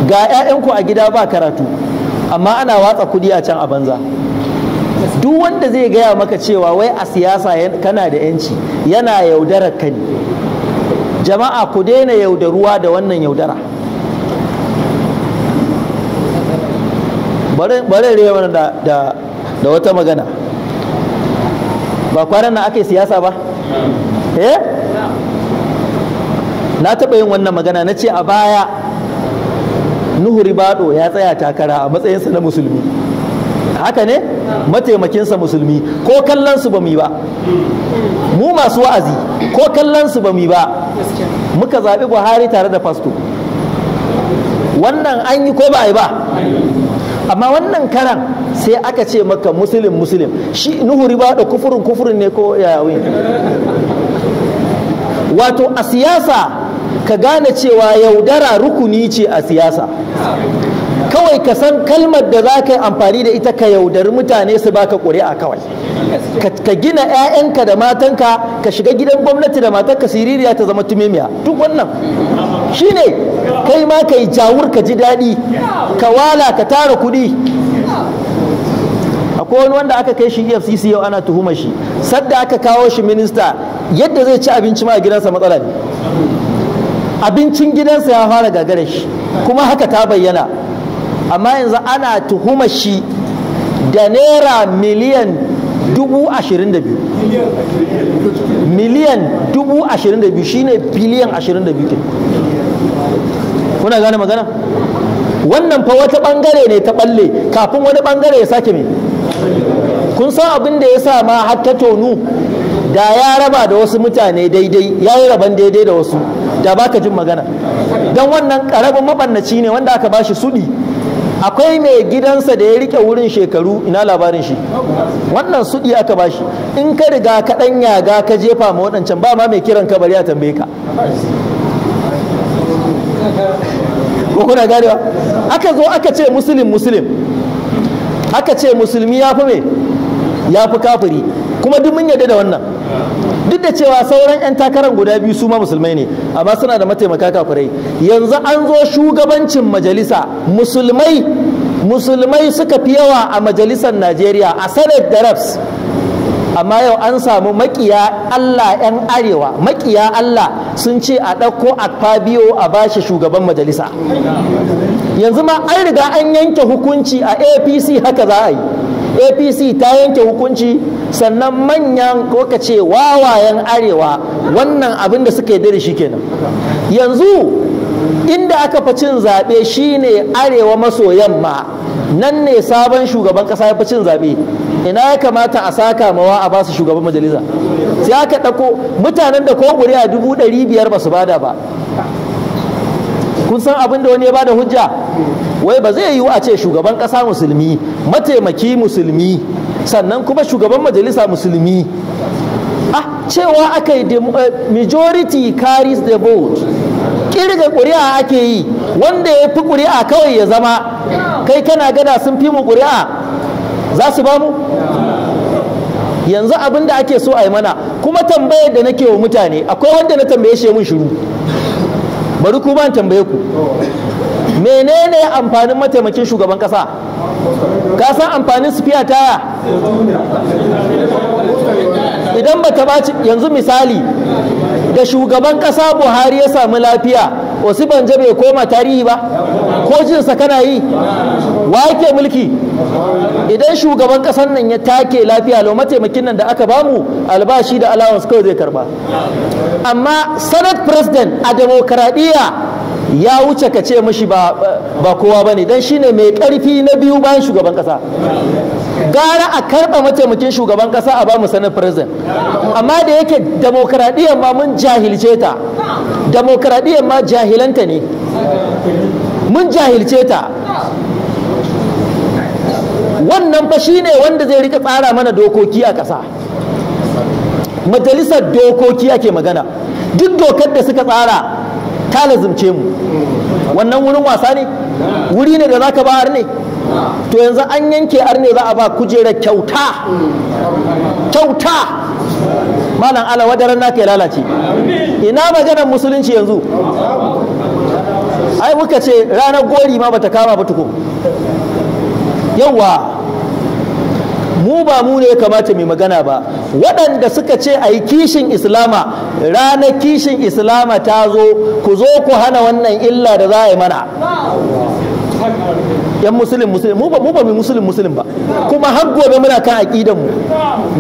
ga 'ya'yanku a gida ba karatu amma ana watsa kuɗi a can a banza duk wanda zai gaya maka cewa wai a siyasa kana da 'yanci yana yaudarar ka ne jama'a ku daina yaudaruwa da wannan yaudara bare rewa da, da, da wata magana ba kwanan na aka yi siyasa ba eh na taɓa yin wannan magana na ce a baya nuhu ribado ya tsaya takara a matsayinsa na musulmi haka ne mataimakinsa musulmi ko kallon su ba mu yi ba mu masu wa'azi ko kallon su ba mu yi ba muka zaɓi buhari tare da fasto wannan an yi ko ba a yi ba amma wannan karan sai aka ce maka musulun musulun shi nuhu riba da kufurin kufurin ne ko yawin? wato a siyasa ka gane cewa yaudara rukuni ce a siyasa kawai ka san kalmar da za ka yi amfani da ita ka yaudari mutane su baka ƙuri'a kawai ka gina 'ya'yanka da matanka ka shiga gidan gwamnati da matanka siririya ta zama tumimiya duk wannan shine kai ma ka yi jawur ka ji daɗi ka wala ka tara kuɗi akwai wani wanda aka kai shi efcc yau ana tuhumar shi sadda aka kawo shi minista yadda zai ci abinci ma a gidansa matsala ne abincin gidansa ya fara gagara shi kuma haka ta bayyana amma yanzu ana tuhumar shi da naira miliyan dubu ashirin da biyu miliyan dubu ashirin da biyu shine biliyan ashirin da biyu kuna gane magana wannan fa wata bangare ne ta balle kafin wani bangare ya sake me kun san abin da ya sa ma har ta tonu da ya raba da wasu mutane daidai ya yi raban daidai da wasu da baka jin magana don wannan karamin mabannaci ne wanda aka bashi sudi akwai mai gidansa da ya rike wurin shekaru ina labarin shi wannan sudi aka bashi in ka riga ka dan yaga ka jefa ma waɗancan ba ma mai kiran ka bari a tambaye ka ko kuna ganewa aka zo aka ce musulun musulun aka ce musulmi ya fi me ya fi kafiri kuma duk mun yadda da wannan duk da cewa sauran 'yan takarar guda biyu su ma musulmai ne amma suna da mataimaka kafirai yanzu an zo shugabancin majalisa musulmai musulmai suka fi yawa a majalisar najeriya a sanar da rafs amma yau an samu makiya allah 'yan arewa makiya allah sun ce a ɗauko al-Fabio a bashi shugaban majalisa yanzu ma an riga an yanke hukunci a apc haka za a yi apc ta yanke hukunci sannan manyan ko ka ce wawayen arewa wannan abin da suka yi da shi kenan yanzu inda aka fi cin zaɓe shine arewa maso yamma nan ne sabon shugaban ƙasa ya fi cin zaɓe ina ya kamata a saka mawa a basu shugaban majalisa sai aka ɗauko mutanen da ko ƙuri'a dubu ɗari biyar ba su bada ba kun san abin da wani ya bada hujja wai ba zai yiwu a ce shugaban ƙasa musulmi mataimaki musulmi sannan kuma shugaban majalisa musulmi ah cewa aka yi eh, majority carries the vote kirga ƙuri'a ake yi wanda ya fi ƙuri'a kawai ya zama kai kana gada sun fi mu ƙuri'a za su ba mu yanzu abin da ake so a yi mana kuma tambayar da nake wa mutane akwai wanda na tambaye shi mun shiru bari ku ban tambaye ku menene amfanin mataimakin shugaban kasa ka san amfanin spiya taya idan ba ta yanzu misali da shugaban kasa buhari ya samu lafiya wasu banje bai koma tarihi ba ko jinsa kana yi wa yake mulki idan shugaban kasar nan ya take lafiya lau mataimakin nan da aka bamu albashi da allowance kawai zai karba amma senate president a demokaradiyya ya wuce ka ce mashi ba kowa ba ne don shine mai karfi na biyu bayan shugaban kasa gara a karɓa mataimakin shugaban ƙasa a bamu sanar firizin amma da yake demokaradiyyar ma mun jahilce ta demokaradiyyar ma jahilanta ne mun jahilce ta wannan fa shine wanda zai rika tsara mana dokoki a ƙasa majalisar dokoki ake magana duk dokar da suka tsara ta lazimce mu wannan wurin wasa ne wuri ne da za ka bayar ne to yanzu an yanke arne za a ba kujera kyauta kyauta malam ala wadaran naka ya lalace ina maganar musulunci yanzu ai muka ce ranar gori ma bata kama ba tuko yawa mu ba mu ne ya kamata mai magana ba waɗanda suka ce a yi kishin islama ranar kishin islama ta zo ku zo ku hana wannan illa da za a yi mana yan musulun musulun mu ba mu ba mu musulun musulun ba kuma har gobe muna kan aqidan mu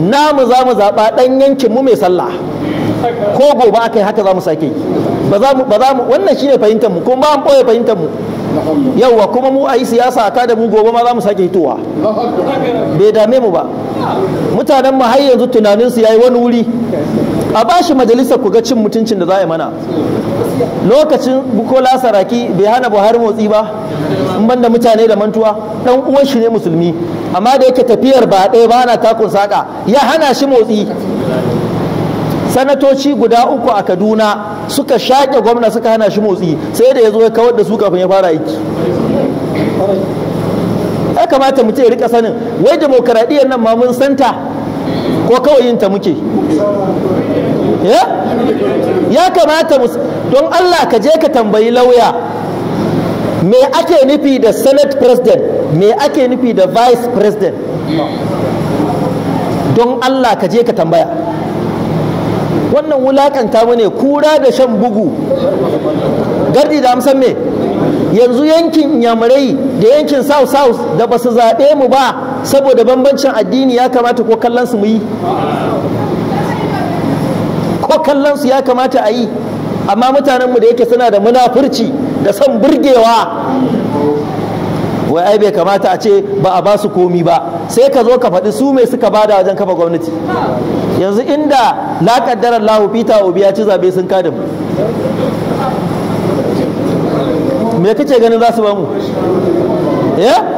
namu za mu zaba dan yankin mu mai sallah ko gobe akai haka za mu sake ba za mu ba za mu wannan shine fahimtar mu kuma ba an boye fahimtar mu yauwa kuma mu ayi siyasa ka da mu gobe ma za mu sake hitowa bai dame mu ba mutanen mu har yanzu tunanin su yayi wani wuri a ba shi majalisar ku ga cin mutuncin da za a mana lokacin bukola saraki bai hana buhari motsi ba in banda mutane da mantuwa dan uwan shi ne musulmi amma da yake tafiyar ba ɗaya ba na takun saka ya hana shi motsi sanatoci guda uku a kaduna suka shaƙe gwamna suka hana shi motsi sai da ya zo ya kawar da su kafin ya fara aiki ya kamata mu ce rika sanin wai dimokuraɗiyyar nan ma mun santa ko kawai yin ta muke eh? ya kamata don Allah ka je ka tambayi lauya me ake nufi da senate president me ake nufi da vice president don Allah ka je ka tambaya wannan wulakanta mu ne kura da shan bugu gardi da amsan me yanzu yankin yamurai da yankin south south da ba su zaɓe mu ba saboda bambancin addini ya kamata ko kallon su mu yi ko kallon su ya kamata a yi amma mutanen mu da yake suna da munafurci da son burgewa wai ai bai kamata a ce ba a ba su komi ba sai ka zo ka faɗi su mai suka bada wajen kafa gwamnati yanzu inda la kaddara lahu fita obi ya ci zabe sun kada mu me kace ganin za su ba mu eh?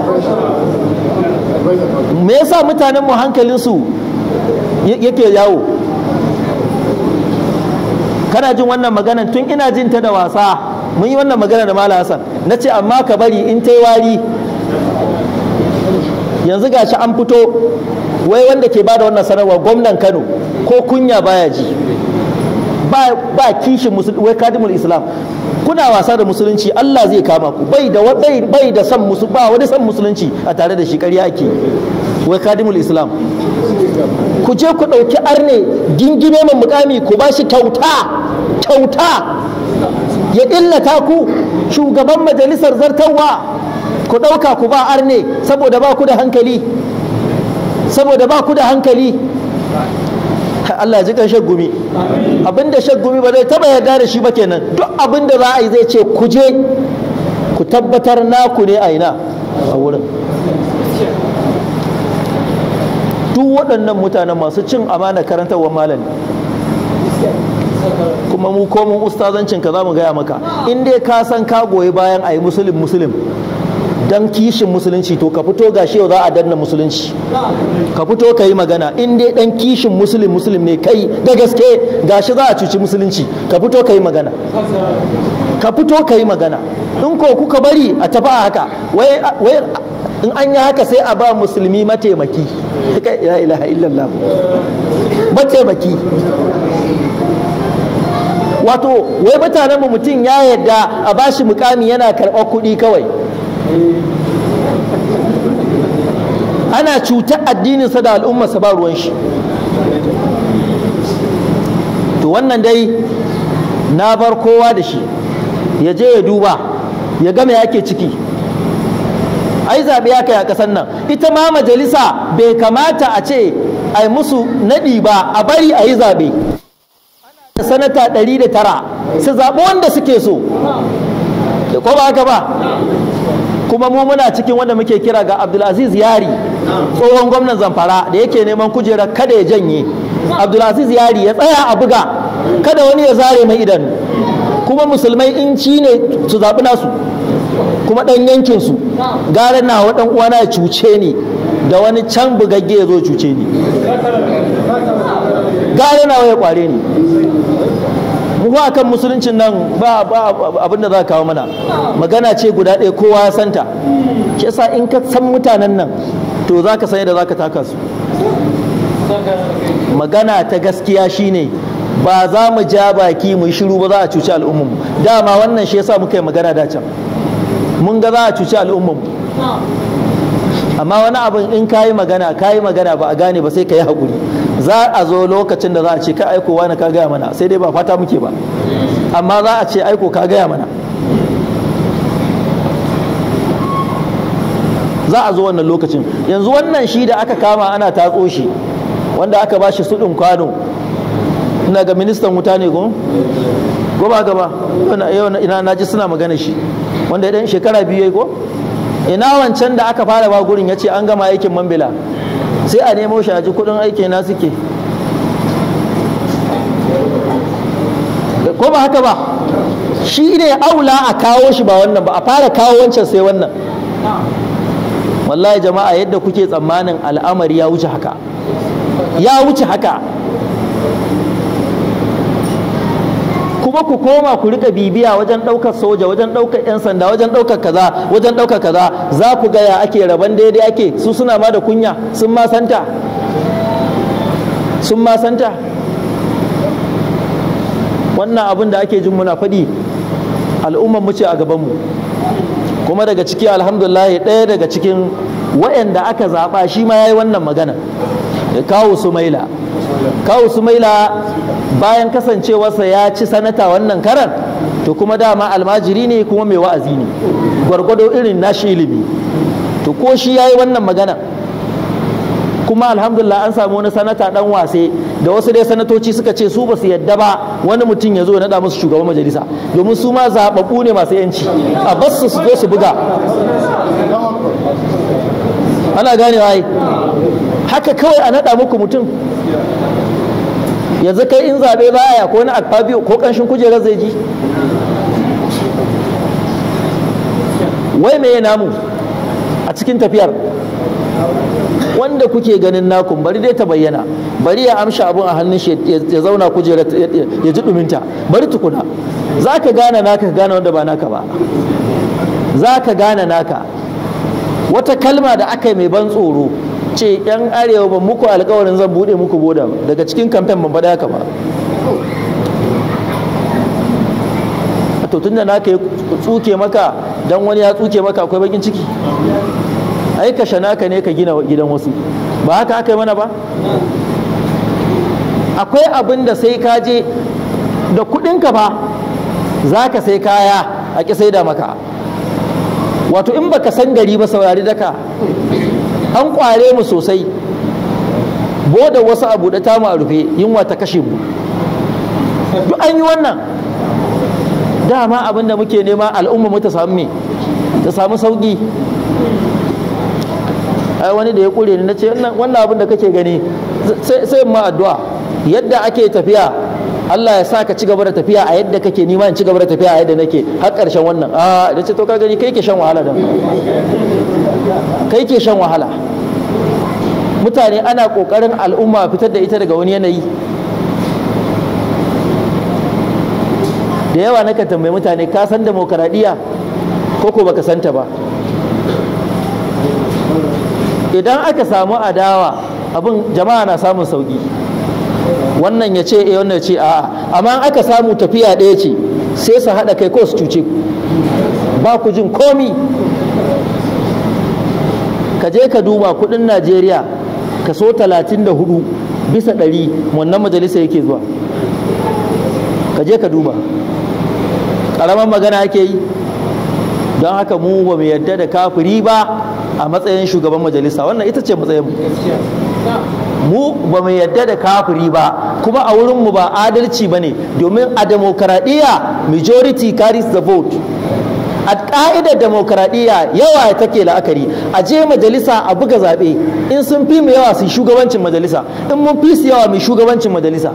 me yasa mutanen mu hankalinsu yake yawo kana jin wannan magana tun ina jin ta da wasa mun yi wannan magana da Malam Hassan. na ce amma ka bari in ta wari yanzu gashi an fito wai wanda ke bada wannan sanarwa gwamnan kano ko kunya baya ji ba kishin musulmi wai kadimul islam kuna wasa da musulunci Allah zai kama ku bai da wadai bai da san musu ba wani san musulunci a tare da shi ƙarya ake wai kadimul islam ku je ku ɗauki arne gingime mai mukami ku ba shi kyauta kyauta ya illata ku shugaban majalisar zartarwa ku ɗauka ku ba arne saboda ba ku da hankali saboda ba ku da hankali Allah ji kan shaggumi abinda shaggumi ba zai taba yarda da shi ba kenan duk abinda za a yi zai ce ku je ku tabbatar naku ne a ina a wurin duk waɗannan mutanen masu cin amana karantarwa malami kuma mu komin ustazancin ka za mu gaya maka in dai ka san ka goyi bayan a yi musulun musulun don kishin musulunci to ka fito ga yau za a danna musulunci ka fito ka yi magana in dai dan kishin musulun musulun ne kai da gaske gashi za a cuci musulunci ka fito ka yi magana ka fito ka yi magana in ko kuka bari a tafi a haka wai in an yi haka sai a ba musulmi mataimaki ya ilaha illallah mataimaki wato wai mu mutum ya yadda a bashi mukami yana karɓar kuɗi kawai ana cutar addininsa da al'umma al'ummarsa ba ruwan shi to wannan dai na bar kowa da shi ya je ya duba ya me yake ciki ai zaɓe ya kai a ƙasar nan ita ma majalisa bai kamata a ce ai musu naɗi ba a bari a yi zaɓe sanata ɗari da tara su zaɓi wanda suke so da ko ba haka ba kuma mu muna cikin wanda muke kira ga abdulaziz yari tsohon gwamnan zamfara da yake neman kujera kada ya janye abdulaziz yari ya tsaya a buga kada wani ya zare mai idanu kuma musulmai in ci ne su zaɓi nasu kuma ɗan yankinsu gara na wa uwana ya cuce ni da wani can bugagge ya zo cuce ni gara na ya kware ni ruwa akan musuluncin nan ba abin da za kawo mana magana ce guda ɗaya kowa ya santa ke sa in ka san mutanen nan to za ka san yadda za ka taka su magana ta gaskiya shine ba za mu ja baki mu shiru ba za a cuci al'ummu dama wannan shi yasa muka yi magana da can mun ga za a cuci al'ummu amma wani abin in kayi magana kayi magana ba a gane ba sai ka yi haƙuri za a zo lokacin da za a ce ka aiko wani ka gaya mana sai dai ba fata muke ba amma za a ce aiko ka gaya mana za a zo wannan lokacin yanzu wannan shi da aka kama ana tatso shi wanda aka ba shi suɗin kwano ina ga ministan wuta ne ko gaba gaba yau na ji suna magana shi wanda ya ɗan shekara biyu ya yi ko ina wancan da aka fara ba gurin ya ce an gama aikin mambila sai a nemo shi a ji kudin aiki na suke ko ba haka ba shi ne aula a kawo shi ba wannan ba a fara kawo wancan sai wannan wallahi jama'a yadda kuke tsammanin al'amari ya wuce haka ya wuce haka kuma ku koma ku rika bibiya wajen ɗaukar soja wajen ɗaukar 'yan sanda wajen ɗaukar kaza wajen ɗaukar kaza za ku gaya ake raban daidai ake su suna ma da kunya sun ma santa sun ma santa wannan abin da ake jin muna faɗi al'ummar mu ce a gabanmu kuma daga ciki alhamdulillah ɗaya daga cikin waɗanda aka zaɓa shi ma ya yi wannan magana ya kawo sumaila kawu sumaila bayan kasancewarsa ya ci sanata wannan karan to kuma dama almajiri ne kuma mai wa'azi ne gwargwado irin nashi ilimi to ko shi ya yi wannan magana kuma alhamdulillah an samu wani sanata dan wase da wasu dai sanatoci suka ce su ba su yadda ba wani mutum ya zo ya naɗa musu shugaban majalisa domin su ma zaɓaɓɓu ne masu yanci a basu su zo su buga ana ganewa ai haka kawai a naɗa muku mutum yanzu kai in zabe baya ko na biyu ko kanshin kujerar zai ji wai me ya namu a cikin tafiyar wanda kuke ganin nakun bari dai ta bayyana bari ya amsha abun a hannun shi ya zauna kujerar ya ji duminta bari tukuna za ka gane naka ka gane wanda ba naka ba za ka gane naka wata kalma da aka yi mai ban tsoro ce yan arewa ba muku alkawarin zan buɗe muku boda daga cikin kamfen ban faɗa haka ba to tunda na ka tsuke maka don wani ya tsuke maka akwai bakin ciki ai ka ne ka gina gidan wasu ba haka aka yi mana ba akwai abin da sai ka je da kuɗinka ba za ka sai kaya a ƙi sai da maka wato in baka san gari ba saurari daka an kware mu sosai boda wasu abu da ta a rufe yunwa ta kashe mu duk an yi wannan dama abin muke nema al'umma mu ta samu me ta samu sauki ai wani da ya kure ni na ce wannan abin da kake gani sai ma addu'a yadda ake tafiya Allah ya sa ka ci gaba da tafiya a yadda kake nima in ci gaba da tafiya a yadda nake har ƙarshen wannan a da ce to ka gani kai ke shan wahala dan kai ke shan wahala mutane ana ƙoƙarin al'umma fitar da ita daga wani yanayi da yawa na tambayi mutane ka san demokaradiyya ko ko baka santa ba idan aka samu adawa abin jama'a na samun sauki wannan ya ce eh wannan ya ce a'a amma an aka samu tafiya ɗaya ce sai su haɗa kai ko su cuce ku ba ku jin komi ka je ka duba kudin najeriya kaso 34 bisa ɗari wannan majalisa yake zuwa ka je ka duba ƙaramin magana ake yi don haka mu ba mu yadda da kafiri ba a matsayin shugaban majalisa wannan ita ce matsayin mu mu ba mu yadda da kafiri ba kuma a wurinmu ba adalci ba ne domin a demokaradiyya majority carries the vote a ƙa'idar demokaradiyya yawa ya take la'akari a je majalisa a buga zaɓe in sun fi mu yawa su shugabancin majalisa in mun fi su yawa mu shugabancin majalisa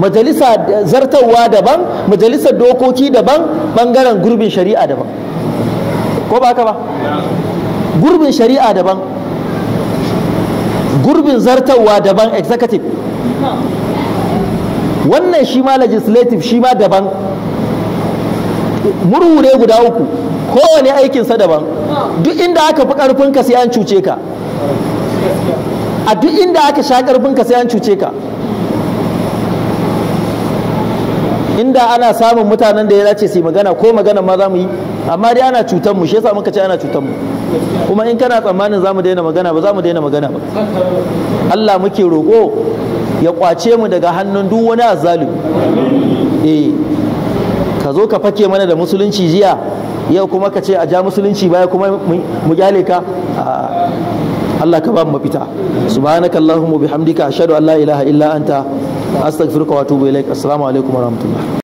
majalisa zartarwa daban majalisar dokoki daban bangaren gurbin shari'a daban ko ba ka ba gurbin shari'a daban gurbin zartarwa daban executive wannan shi ma legislative shi ma daban murhure guda uku kowane aikinsa daban duk inda aka fi ƙarfinka sai an cuce ka a duk inda aka sha ƙarfinka sai an cuce ka inda ana samun mutanen da ya dace su yi magana ko magana ma za mu yi amma dai ana cutar mu shi yasa muka ce ana cutar mu kuma in kana tsammanin za mu daina magana ba za mu daina magana ba Allah muke roƙo ya kwace mu daga hannun duk wani azzalumi eh ka zo ka fake mana da musulunci jiya yau kuma ka ce a ja musulunci baya kuma mu kyale ka Allah ka ba mu mafita subhanakallahumma bihamdika ashhadu an la ilaha illa anta astaghfiruka wa atubu ilaik assalamu alaikum wa rahmatullah